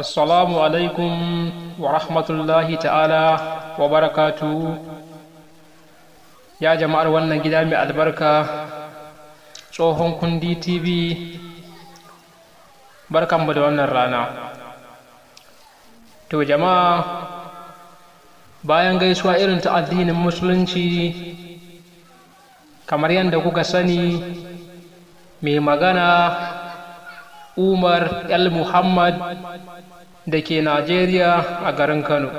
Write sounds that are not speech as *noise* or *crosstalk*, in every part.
assalamu alaikum wa rahmatullahi ta'ala wa barakatu ya jama'ar wannan gida mai albarka tsohon kundi tv barkanmu da wannan rana to jama'a bayan gaisuwa irin ta addinin musulunci kamar yadda kuka sani mai magana umar el muhammad da ke najeriya a garin kano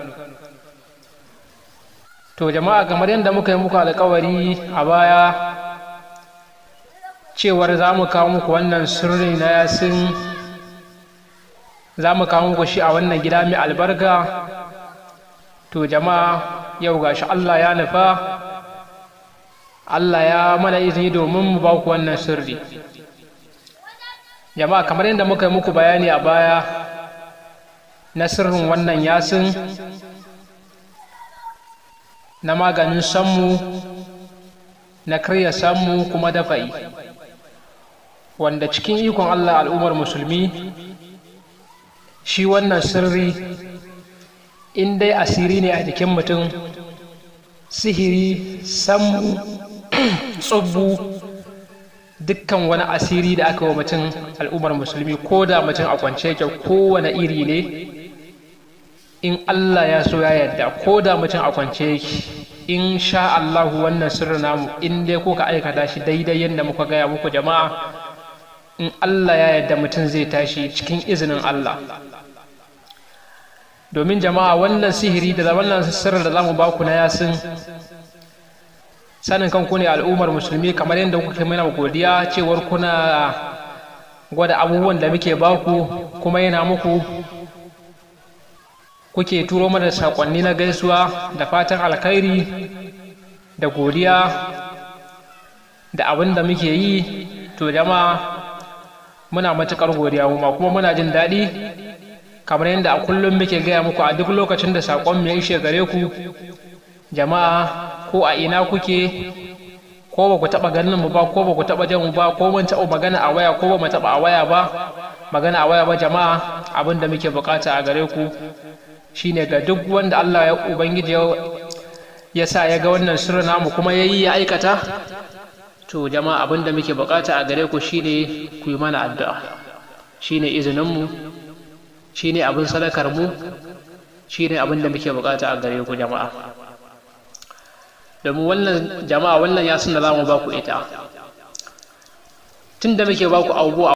to jama'a kamar yadda muka yi muku alkawari a baya cewar za mu kawo muku wannan sirri na yasin za mu kawo muku shi a wannan gida mai albarka to jama'a yau gashi allah ya nufa allah ya mana izini domin mu ba ku wannan sirri jama'a kamar yadda muka yi muku bayani a baya na sirrin wannan yasin na maganin sammu na karya sammu kuma dafa'i wanda cikin ikon allah al'ummar musulmi shi wannan sirri in dai asiri ne a jikin mutum sihiri sammu *clears throat* tsubbu dukkan wani asiri da aka wa mutum al'ummar musulmi ko da mutum a kwance yake kowane iri ne in Allah ya so ya yarda ko da mutum a kwance yake in sha Allahu wannan sirri namu in dai ko ka aikata shi daidai yadda muka gaya muku jama'a in Allah ya yarda mutum zai tashi cikin izinin Allah domin jama'a wannan sihiri da wannan sirri da zamu baku na yasin sanin kan ku ne al'ummar musulmi kamar yadda kuke mana godiya cewar kuna gwada abubuwan da muke baku kuma yana muku kuke turo mana saƙonni na gaisuwa da fatan alkhairi da godiya da abin da muke yi to jama muna matuƙar godiya kuma kuma muna jin daɗi kamar yadda a kullum muke gaya muku a duk lokacin da saƙon mu ya ishe gare ku jama'a ko a ina kuke ko ba ku taɓa ganin mu ba ko ba ku taɓa jan mu ba ko mun taɓa magana a waya ko ba mu taɓa a waya ba magana a waya ba jama'a abin da muke bukata a gare ku shine ga duk wanda Allah ya ubangiji ya sa ya ga wannan sura namu kuma yayi ya aikata to jama'a abin da muke bukata a gare ku shine ku yi mana addu'a shine izinin mu shine abin sadakar mu shine abin da muke bukata a gare ku jama'a domin wannan jama'a wannan ya suna za mu ba ku ita tun da muke ba ku abubuwa